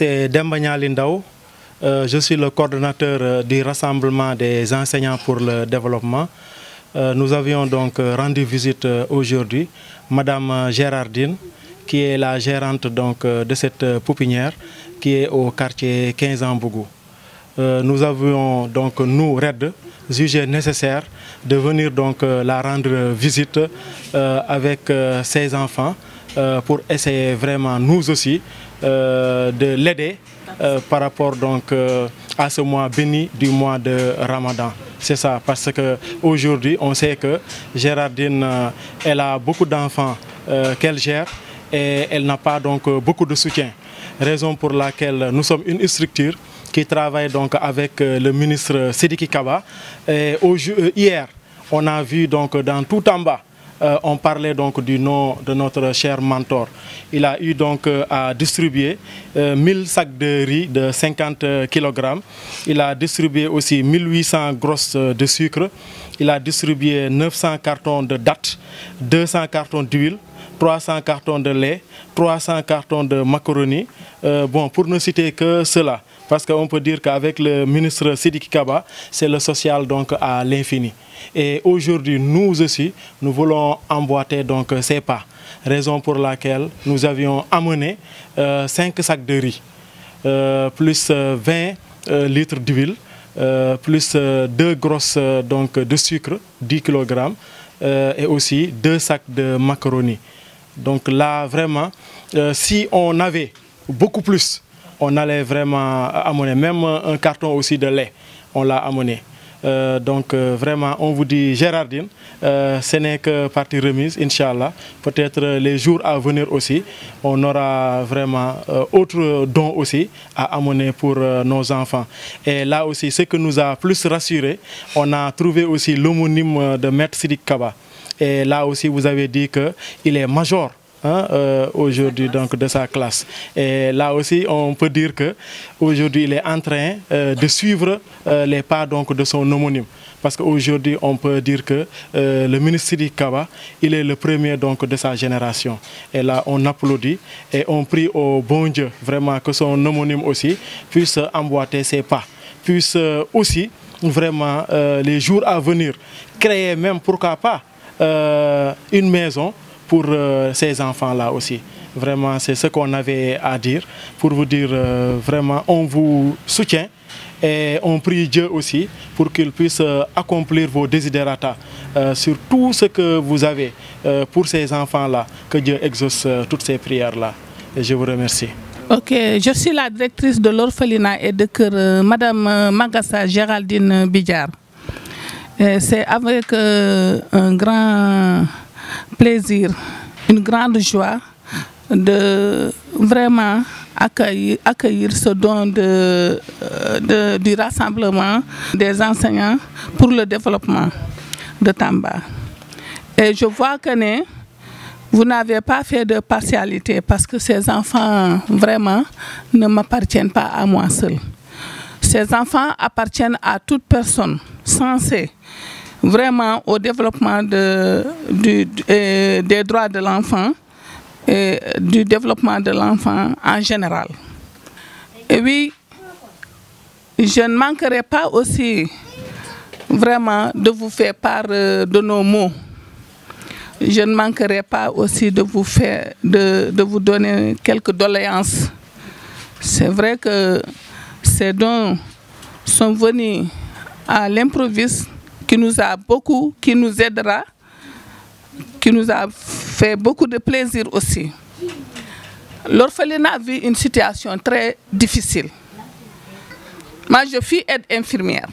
c'est Lindao. Euh, je suis le coordonnateur euh, du Rassemblement des enseignants pour le développement. Euh, nous avions donc rendu visite aujourd'hui Madame Gérardine, qui est la gérante donc, de cette poupinière qui est au quartier 15 en Bougou. nous avions donc, nous, RED, jugé nécessaire de venir donc la rendre visite avec ses enfants pour essayer vraiment nous aussi euh, de l'aider euh, par rapport donc euh, à ce mois béni du mois de Ramadan. C'est ça, parce qu'aujourd'hui, on sait que Gérardine, elle a beaucoup d'enfants qu'elle gère et elle n'a pas donc beaucoup de soutien. Raison pour laquelle nous sommes une structure qui travaille donc avec le ministre Sidiki Kaba. Et hier, on a vu donc dans tout en bas euh, on parlait donc du nom de notre cher mentor. Il a eu donc euh, à distribuer 1000 euh, sacs de riz de 50 kg. Il a distribué aussi 1800 grosses de sucre. Il a distribué 900 cartons de dattes, 200 cartons d'huile, 300 cartons de lait, 300 cartons de macaroni. Euh, bon, pour ne citer que cela, parce qu'on peut dire qu'avec le ministre Sidi Kaba, c'est le social donc à l'infini. Et aujourd'hui, nous aussi, nous voulons emboîter donc ces pas. Raison pour laquelle nous avions amené 5 euh, sacs de riz, euh, plus 20 litres d'huile, euh, plus euh, deux grosses euh, donc, de sucre, 10 kg, et aussi deux sacs de macaroni. Donc là, vraiment, si on avait beaucoup plus, on allait vraiment amener, même un carton aussi de lait, on l'a amené. Euh, donc euh, vraiment, on vous dit Gérardine, euh, ce n'est que partie remise, Inch'Allah. Peut-être les jours à venir aussi, on aura vraiment autre don aussi à amener pour nos enfants. Et là aussi, ce que nous a plus rassuré, on a trouvé aussi l'homonyme de Maître Sidik Kaba. Et là aussi, vous avez dit qu'il est major Hein, euh, aujourd'hui donc de sa classe. Et là aussi, on peut dire que aujourd'hui, il est en train euh, de suivre euh, les pas donc de son homonyme. Parce qu'aujourd'hui, on peut dire que le ministre Kaba, il est le premier donc de sa génération. Et là, on applaudit et on prie au bon Dieu vraiment que son homonyme aussi puisse emboîter ses pas, puisse aussi vraiment les jours à venir créer même pourquoi pas une maison pour euh, ces enfants-là aussi. Vraiment, c'est ce qu'on avait à dire. Pour vous dire, euh, vraiment, on vous soutient et on prie Dieu aussi pour qu'il puisse euh, accomplir vos désiderata sur tout ce que vous avez pour ces enfants-là. Que Dieu exauce toutes ces prières-là. je vous remercie. Ok, je suis la directrice de l'orphelinat et de cœur, Madame Magassa Géraldine Bidjar. C'est avec un grand plaisir, une grande joie de vraiment accueillir, accueillir ce don euh, de, du rassemblement des enseignants pour le développement de Tamba. Et je vois que né, vous n'avez pas fait de partialité parce que ces enfants vraiment ne m'appartiennent pas à moi seul. Ces enfants appartiennent à toute personne censée vraiment au développement de, euh, des droits de l'enfant et du développement de l'enfant en général. Et oui, je ne manquerai pas aussi vraiment de vous faire part euh, de nos mots. Je ne manquerai pas aussi de vous faire, de, de vous donner quelques doléances. C'est vrai que ces dons sont venus à l'improviste qui nous a beaucoup, qui nous aidera, qui nous a fait beaucoup de plaisir aussi. L'orphelinat vit une situation très difficile. Moi, je suis aide-infirmière.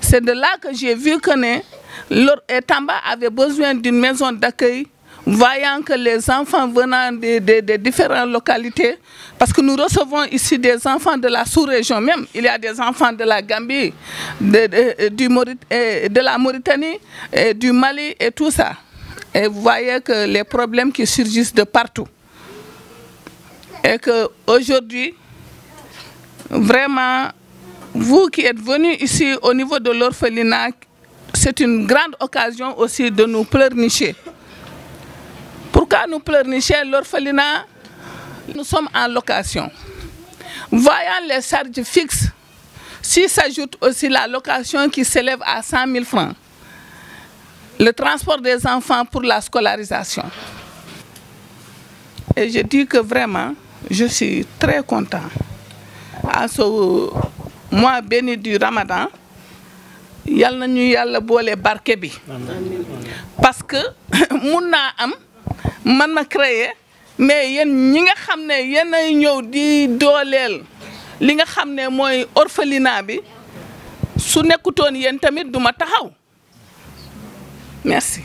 C'est de là que j'ai vu que euh, Tamba avait besoin d'une maison d'accueil voyant que les enfants venant des différentes localités, parce que nous recevons ici des enfants de la sous-région même, il y a des enfants de la Gambie, de, euh, du euh, de la Mauritanie, et euh, du Mali et tout ça. Et vous voyez que les problèmes qui surgissent de partout. Et qu'aujourd'hui, vraiment, vous qui êtes venus ici au niveau de l'orphelinat, c'est une grande occasion aussi de nous pleurnicher nous pleurnichait l'orphelinat. Nous sommes en location. Voyant les charges fixes, s'il s'ajoute aussi la location qui s'élève à 100 000 francs, le transport des enfants pour la scolarisation. Et je dis que vraiment, je suis très content. À ce mois béni du Ramadan, Yalla nañu le bois, les bi parce que mon man na créer mais yéen ñi nga xam ne yen ay ñëw di dooleel li nga xam ne mooy orphelinat bi su nekkutoon yéen tamit duma taxaw merci.